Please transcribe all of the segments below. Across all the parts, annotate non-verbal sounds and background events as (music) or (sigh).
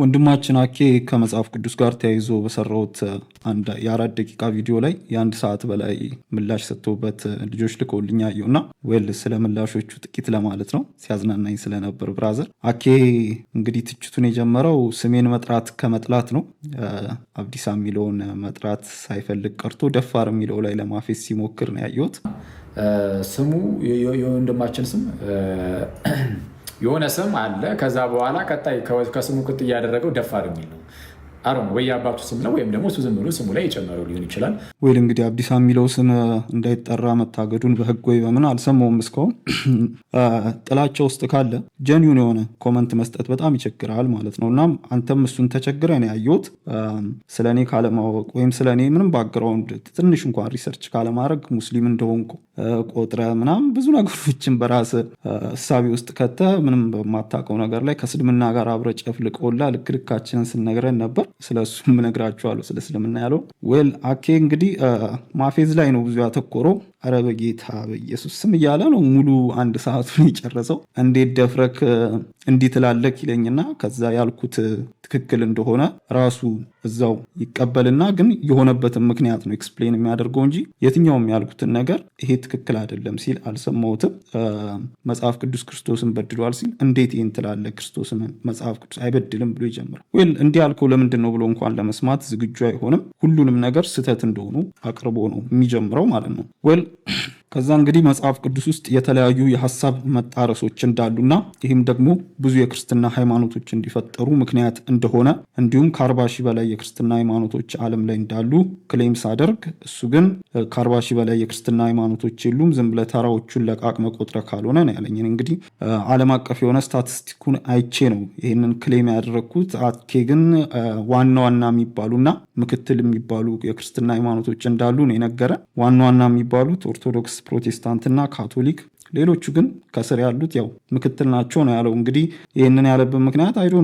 ወንድማችን አኬ ከመጽሐፍ ቅዱስ ጋር ተያይዞ በሰራሁት uh, የአራት ደቂቃ ቪዲዮ ላይ የአንድ ሰዓት በላይ ምላሽ ሰጥቶበት ልጆች ልኮልኝ አየሁ እና ወል ስለ ምላሾቹ ጥቂት ለማለት ነው። ሲያዝናናኝ ስለነበር ብራዘር አኬ እንግዲህ ትችቱን የጀመረው ስሜን መጥራት ከመጥላት ነው። uh, አብዲሳ የሚለውን መጥራት ሳይፈልግ ቀርቶ ደፋር የሚለው ላይ ለማፌስ ሲሞክር ነው ያየሁት። uh, ስሙ የወንድማችን ስም የሆነ ስም አለ። ከዛ በኋላ ቀጣይ ከስሙ ቅጥ እያደረገው ደፋር የሚል ነው። አሮ ወይ የአባቱ ስም ነው ወይም ደግሞ እሱ ዝም ብሎ ስሙ ላይ የጨመረው ሊሆን ይችላል። ወይል እንግዲህ አብዲሳ የሚለው ስም እንዳይጠራ መታገዱን በህግ ወይ በምን አልሰማውም እስካሁን። (clears throat) ጥላቸው ውስጥ ካለ ጀኒውን የሆነ ኮመንት መስጠት በጣም ይቸግራል ማለት ነው። እናም አንተም እሱን ተቸግረ ነው ያየሁት። ስለ እኔ ካለማወቅ ወይም ስለ እኔ ምንም ባግራውንድ ትንሽ እንኳን ሪሰርች ካለማድረግ ሙስሊም እንደሆንኩ ቆጥረ ምናምን ብዙ ነገሮችን በራስ እሳቢ ውስጥ ከተ ምንም በማታውቀው ነገር ላይ ከእስልምና ጋር አብረ ጨፍልቆላ ልክ ልካችንን ስነግረን ነበር። ስለ እሱም እነግራችኋለሁ፣ ስለ እስልምና ያለው ዌል አኬ እንግዲህ ማፌዝ ላይ ነው ብዙ ያተኮረው። ኧረ በጌታ በኢየሱስ ስም እያለ ነው ሙሉ አንድ ሰዓቱን የጨረሰው። እንዴት ደፍረክ እንዲህ ትላለህ ይለኝና ከዛ ያልኩት ትክክል እንደሆነ ራሱ እዛው ይቀበልና ግን የሆነበትን ምክንያት ነው ኤክስፕሌን የሚያደርገው እንጂ የትኛውም ያልኩትን ነገር ይሄ ትክክል አይደለም ሲል አልሰማሁትም። መጽሐፍ ቅዱስ ክርስቶስን በድሏል ሲል እንዴት ይህን ትላለህ? ክርስቶስን መጽሐፍ ቅዱስ አይበድልም ብሎ ይጀምራል። ወይ እንዲህ ያልከው ለምንድን ነው ብሎ እንኳን ለመስማት ዝግጁ አይሆንም። ሁሉንም ነገር ስህተት እንደሆኑ አቅርቦ ነው የሚጀምረው ማለት ነው። ከዛ እንግዲህ መጽሐፍ ቅዱስ ውስጥ የተለያዩ የሀሳብ መጣረሶች እንዳሉና ይህም ደግሞ ብዙ የክርስትና ሃይማኖቶች እንዲፈጠሩ ምክንያት እንደሆነ እንዲሁም ከአርባ ሺህ በላይ የክርስትና ሃይማኖቶች ዓለም ላይ እንዳሉ ክሌም ሳደርግ እሱ ግን ከአርባ ሺህ በላይ የክርስትና ሃይማኖቶች የሉም ዝም ብለህ ተራዎቹን ለቃቅመ ቆጥረ ካልሆነ ነው ያለኝን። እንግዲህ ዓለም አቀፍ የሆነ ስታቲስቲኩን አይቼ ነው ይህንን ክሌም ያደረግኩት። አኬ ግን ዋና ዋና የሚባሉና ምክትል የሚባሉ የክርስትና ሃይማኖቶች እንዳሉ ነው የነገረ ዋና ዋና የሚባሉት ኦርቶዶክስ protestant na catolic, ሌሎቹ ግን ከስር ያሉት ያው ምክትል ናቸው ነው ያለው። እንግዲህ ይህንን ያለበት ምክንያት አይዶ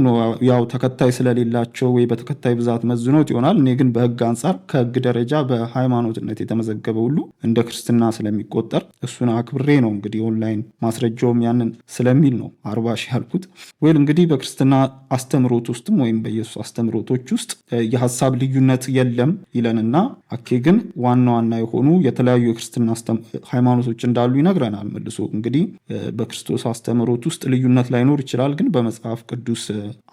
ያው ተከታይ ስለሌላቸው ወይ በተከታይ ብዛት መዝኖት ይሆናል። እኔ ግን በህግ አንጻር ከህግ ደረጃ በሃይማኖትነት የተመዘገበ ሁሉ እንደ ክርስትና ስለሚቆጠር እሱን አክብሬ ነው እንግዲህ ኦንላይን ማስረጃውም ያንን ስለሚል ነው አርባ ሺህ ያልኩት። ወይል እንግዲህ በክርስትና አስተምሮት ውስጥም ወይም በኢየሱስ አስተምሮቶች ውስጥ የሀሳብ ልዩነት የለም ይለንና አኬ ግን ዋና ዋና የሆኑ የተለያዩ የክርስትና ሃይማኖቶች እንዳሉ ይነግረናል መልሶ እንግዲህ በክርስቶስ አስተምህሮት ውስጥ ልዩነት ላይኖር ይችላል። ግን በመጽሐፍ ቅዱስ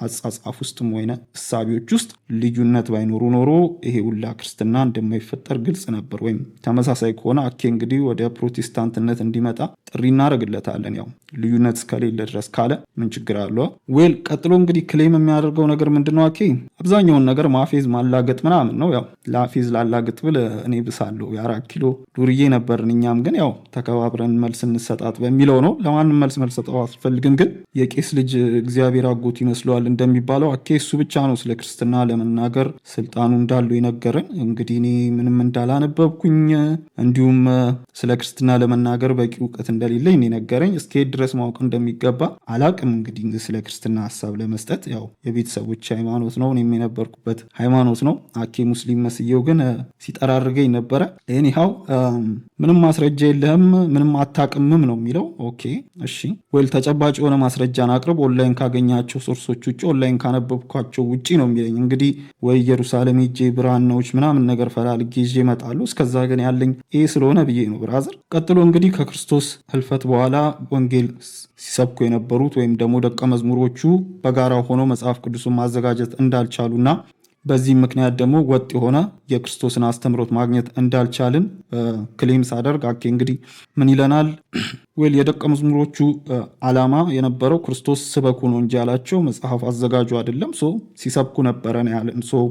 አጻጻፍ ውስጥም ወይነ እሳቢዎች ውስጥ ልዩነት ባይኖሩ ኖሮ ይሄ ሁላ ክርስትና እንደማይፈጠር ግልጽ ነበር። ወይም ተመሳሳይ ከሆነ አኬ እንግዲህ ወደ ፕሮቴስታንትነት እንዲመጣ ጥሪ እናደርግለታለን። ያው ልዩነት እስከሌለ ድረስ ካለ ምን ችግር አለ? ዌል ቀጥሎ እንግዲህ ክሌም የሚያደርገው ነገር ምንድነው? አኬ አብዛኛውን ነገር ማፌዝ ማላገጥ ምናምን ነው። ያው ላፌዝ ላላገጥ ብል እኔ ብሳለሁ የአራት ኪሎ ዱርዬ ነበርን። እኛም ግን ያው ተከባብረን መልስ እንሰጣጥ በሚለው ነው። ለማንም መልስ መልሰጠው አስፈልግም። ግን የቄስ ልጅ እግዚአብሔር አጎት ይመስለዋል እንደሚባለው አኬ እሱ ብቻ ነው ስለ ክርስትና ለመናገር ስልጣኑ እንዳለው የነገረን። እንግዲህ እኔ ምንም እንዳላነበብኩኝ እንዲሁም ስለ ክርስትና ለመናገር በቂ እውቀት እንደሌለኝ ነው ነገረኝ እስከሄድ ድረስ ማወቅ እንደሚገባ አላቅም። እንግዲህ ስለ ክርስትና ሀሳብ ለመስጠት ያው የቤተሰቦች ሃይማኖት ነው፣ እኔም የነበርኩበት ሃይማኖት ነው። አኬ ሙስሊም መስየው ግን ሲጠራርገኝ ነበረ። ኤኒሃው ምንም ማስረጃ የለህም፣ ምንም አታቅምም ነው የሚለው። ኦኬ እሺ ወይል ተጨባጭ የሆነ ማስረጃን አቅርብ፣ ኦንላይን ካገኛቸው ሶርሶች ውጭ፣ ኦንላይን ካነበብኳቸው ውጭ ነው የሚለኝ። እንግዲህ ወይ ኢየሩሳሌም ሄጄ ብራናዎች ምናምን ነገር ፈላልጌ ይዤ እመጣለሁ። እስከዛ ግን ያለኝ ይህ ስለሆነ ብዬ ነው ብራዘር። ቀጥሎ እንግዲህ ከክርስቶስ ህልፈት በኋላ ወንጌል ሲሰብኩ የነበሩት ወይም ደግሞ ደቀ መዝሙሮቹ በጋራ ሆኖ መጽሐፍ ቅዱሱን ማዘጋጀት እንዳልቻሉና በዚህ ምክንያት ደግሞ ወጥ የሆነ የክርስቶስን አስተምሮት ማግኘት እንዳልቻልን ክሌም ሳደርግ አኬ እንግዲህ ምን ይለናል? ወል የደቀ መዝሙሮቹ ዓላማ የነበረው ክርስቶስ ስበኩ ነው እንጂ ያላቸው መጽሐፍ አዘጋጁ አይደለም። ሶ ሲሰብኩ ነበረ ነው ያለን ሶ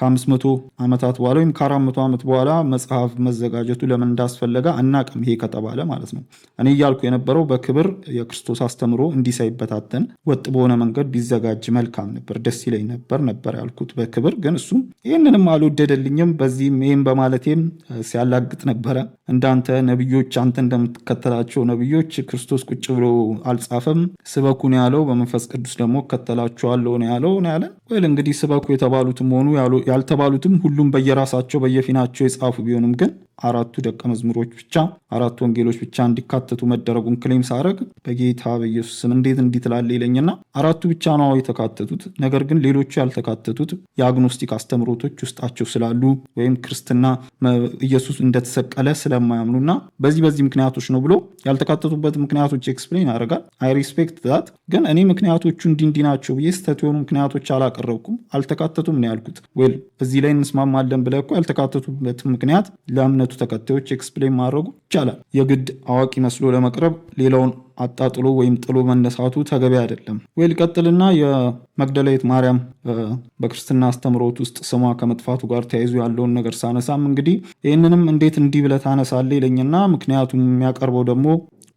ከ500 ዓመታት በኋላ ወይም ከ400 ዓመት በኋላ መጽሐፍ መዘጋጀቱ ለምን እንዳስፈለገ አናቅም። ይሄ ከተባለ ማለት ነው። እኔ እያልኩ የነበረው በክብር የክርስቶስ አስተምሮ እንዲህ ሳይበታተን ወጥ በሆነ መንገድ ቢዘጋጅ መልካም ነበር፣ ደስ ይለኝ ነበር ነበር ያልኩት በክብር ግን፣ እሱም ይህንንም አልወደደልኝም። በዚህም ይህም በማለቴም ሲያላግጥ ነበረ። እንዳንተ ነብዮች፣ አንተ እንደምትከተላቸው ነብዮች ክርስቶስ ቁጭ ብሎ አልጻፈም። ስበኩን ያለው፣ በመንፈስ ቅዱስ ደግሞ እከተላችኋለሁ ነው ያለው ነው ያለ። ወይል እንግዲህ ስበኩ የተባሉትም ሆኑ ያልተባሉትም ሁሉም በየራሳቸው በየፊናቸው የጻፉ ቢሆንም ግን አራቱ ደቀ መዝሙሮች ብቻ አራቱ ወንጌሎች ብቻ እንዲካተቱ መደረጉን ክሌም ሳረግ በጌታ በኢየሱስ ስም እንዴት እንዲህ ትላለህ ይለኝና አራቱ ብቻ ነው የተካተቱት። ነገር ግን ሌሎቹ ያልተካተቱት የአግኖስቲክ አስተምሮቶች ውስጣቸው ስላሉ ወይም ክርስትና ኢየሱስ እንደተሰቀለ ስለማያምኑና በዚህ በዚህ ምክንያቶች ነው ብሎ ያልተካተቱበት ምክንያቶች ኤክስፕሌን ያደርጋል። አይ ሪስፔክት ዛት። ግን እኔ ምክንያቶቹ እንዲህ እንዲህ ናቸው ብዬ ስህተት የሆኑ ምክንያቶች አላቀረብኩም። አልተካተቱም ነው ያልኩት። ዌል እዚህ ላይ እንስማማለን ብለህ እኮ ያልተካተቱበት ምክንያት ለእምነቱ ለእምነቱ ተከታዮች ኤክስፕሌን ማድረጉ ይቻላል። የግድ አዋቂ መስሎ ለመቅረብ ሌላውን አጣጥሎ ወይም ጥሎ መነሳቱ ተገቢ አይደለም። ወይ ልቀጥልና የመግደላዊት ማርያም በክርስትና አስተምሮት ውስጥ ስሟ ከመጥፋቱ ጋር ተያይዞ ያለውን ነገር ሳነሳም እንግዲህ ይህንንም እንዴት እንዲህ ብለህ ታነሳለህ ይለኝና ምክንያቱም የሚያቀርበው ደግሞ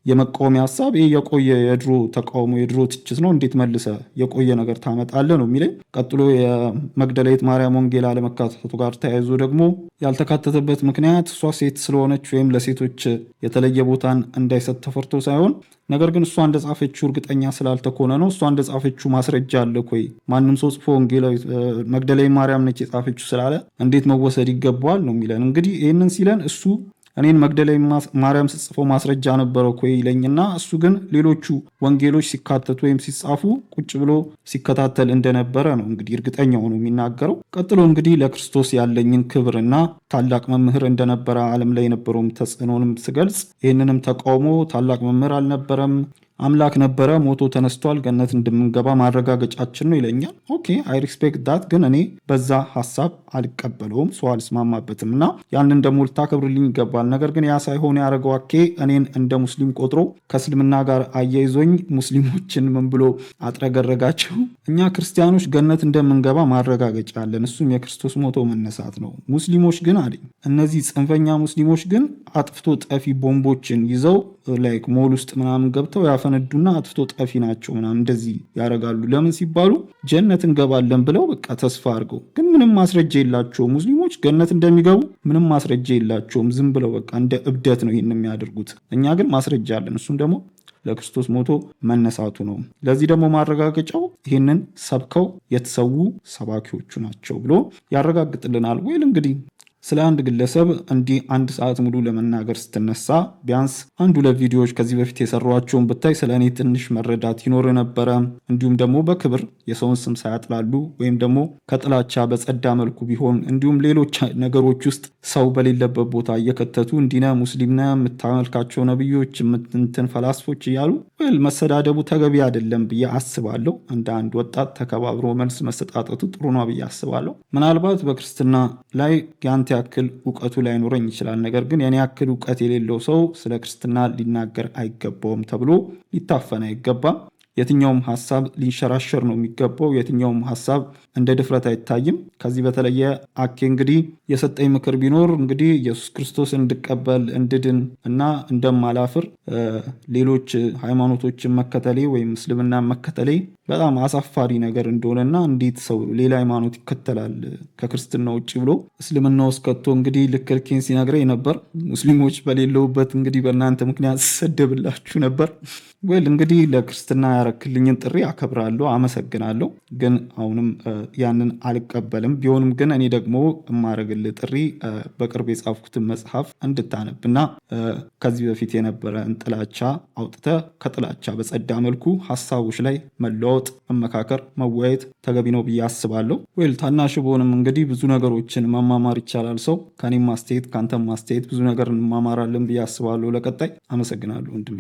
የመቃወሚያ ሀሳብ ይህ የቆየ የድሮ ተቃውሞ የድሮ ትችት ነው። እንዴት መልሰ የቆየ ነገር ታመጣለህ ነው የሚለኝ። ቀጥሎ የመግደላዊት ማርያም ወንጌል አለመካተቱ ጋር ተያይዞ ደግሞ ያልተካተተበት ምክንያት እሷ ሴት ስለሆነች ወይም ለሴቶች የተለየ ቦታን እንዳይሰጥ ተፈርቶ ሳይሆን ነገር ግን እሷ እንደጻፈችው እርግጠኛ ስላልተኮነ ነው። እሷ እንደጻፈችው ማስረጃ አለ ኮይ ማንም ሰው ጽፎ መግደላዊት ማርያም ነች የጻፈችው ስላለ እንዴት መወሰድ ይገባዋል ነው የሚለን። እንግዲህ ይህንን ሲለን እሱ እኔን መግደላዊ ማርያም ስጽፎ ማስረጃ ነበረ እኮ ይለኝና እሱ ግን ሌሎቹ ወንጌሎች ሲካተቱ ወይም ሲጻፉ ቁጭ ብሎ ሲከታተል እንደነበረ ነው እንግዲህ እርግጠኛ ሆኖ የሚናገረው። ቀጥሎ እንግዲህ ለክርስቶስ ያለኝን ክብርና ታላቅ መምህር እንደነበረ ዓለም ላይ የነበረውም ተጽዕኖንም ስገልጽ ይህንንም ተቃውሞ ታላቅ መምህር አልነበረም አምላክ ነበረ፣ ሞቶ ተነስቷል፣ ገነት እንደምንገባ ማረጋገጫችን ነው ይለኛል። ኦኬ አይ ሪስፔክት ዳት፣ ግን እኔ በዛ ሀሳብ አልቀበለውም፣ ሰው አልስማማበትም እና ያንን ደግሞ ልታከብርልኝ ይገባል። ነገር ግን ያ ሳይሆን ያደረገው አኬ እኔን እንደ ሙስሊም ቆጥሮ ከእስልምና ጋር አያይዞኝ ሙስሊሞችን ምን ብሎ አጥረገረጋቸው። እኛ ክርስቲያኖች ገነት እንደምንገባ ማረጋገጫ አለን፣ እሱም የክርስቶስ ሞቶ መነሳት ነው። ሙስሊሞች ግን አለኝ እነዚህ ጽንፈኛ ሙስሊሞች ግን አጥፍቶ ጠፊ ቦምቦችን ይዘው ላይክ ሞል ውስጥ ምናምን ገብተው ያፈነዱና አጥፍቶ ጠፊ ናቸው ምናምን እንደዚህ ያደርጋሉ። ለምን ሲባሉ ጀነት እንገባለን ብለው በቃ ተስፋ አድርገው፣ ግን ምንም ማስረጃ የላቸውም። ሙስሊሞች ገነት እንደሚገቡ ምንም ማስረጃ የላቸውም። ዝም ብለው በቃ እንደ እብደት ነው ይህን የሚያደርጉት። እኛ ግን ማስረጃ አለን። እሱም ደግሞ ለክርስቶስ ሞቶ መነሳቱ ነው። ለዚህ ደግሞ ማረጋገጫው ይህንን ሰብከው የተሰዉ ሰባኪዎቹ ናቸው ብሎ ያረጋግጥልናል። ወይል እንግዲህ ስለ አንድ ግለሰብ እንዲህ አንድ ሰዓት ሙሉ ለመናገር ስትነሳ ቢያንስ አንድ ሁለት ቪዲዮዎች ከዚህ በፊት የሰሯቸውን ብታይ ስለ እኔ ትንሽ መረዳት ይኖር ነበረ። እንዲሁም ደግሞ በክብር የሰውን ስም ሳያጥላሉ ወይም ደግሞ ከጥላቻ በጸዳ መልኩ ቢሆን እንዲሁም ሌሎች ነገሮች ውስጥ ሰው በሌለበት ቦታ እየከተቱ እንዲነ ሙስሊምነ የምታመልካቸው ነብዮች የምትንትን ፈላስፎች እያሉ ወይል መሰዳደቡ ተገቢ አይደለም ብዬ አስባለሁ። እንደ አንድ ወጣት ተከባብሮ መልስ መሰጣጠቱ ጥሩ ነው ብዬ አስባለሁ። ምናልባት በክርስትና ላይ ያንተ ያክል እውቀቱ ላይኖረኝ ይችላል። ነገር ግን የኔ ያክል እውቀት የሌለው ሰው ስለ ክርስትና ሊናገር አይገባውም ተብሎ ሊታፈን አይገባም። የትኛውም ሀሳብ ሊንሸራሸር ነው የሚገባው። የትኛውም ሀሳብ እንደ ድፍረት አይታይም። ከዚህ በተለየ አኬ እንግዲህ የሰጠኝ ምክር ቢኖር እንግዲህ ኢየሱስ ክርስቶስ እንድቀበል እንድድን እና እንደማላፍር ሌሎች ሃይማኖቶችን መከተሌ ወይም እስልምና መከተሌ በጣም አሳፋሪ ነገር እንደሆነና እንዴት ሰው ሌላ ሃይማኖት ይከተላል ከክርስትና ውጭ ብሎ እስልምና ውስጥ ከቶ እንግዲህ ልክልኬን ሲነግረኝ ነበር። ሙስሊሞች በሌለውበት እንግዲህ በእናንተ ምክንያት ሰደብላችሁ ነበር። ወይል እንግዲህ ለክርስትና ያረክልኝን ጥሪ አከብራለሁ፣ አመሰግናለሁ። ግን አሁንም ያንን አልቀበልም። ቢሆንም ግን እኔ ደግሞ የማደርግልህ ጥሪ በቅርብ የጻፍኩትን መጽሐፍ እንድታነብ ከዚህ በፊት የነበረን ጥላቻ አውጥተ ከጥላቻ በጸዳ መልኩ ሀሳቦች ላይ መለወጥ መመካከር፣ መወያየት ተገቢ ነው ብዬ አስባለሁ። ወይል ታናሽ በሆንም እንግዲህ ብዙ ነገሮችን መማማር ይቻላል። ሰው ከኔም ማስተያየት ከአንተም ማስተያየት ብዙ ነገር እንማማራለን ብዬ አስባለሁ። ለቀጣይ አመሰግናለሁ ወንድሜ።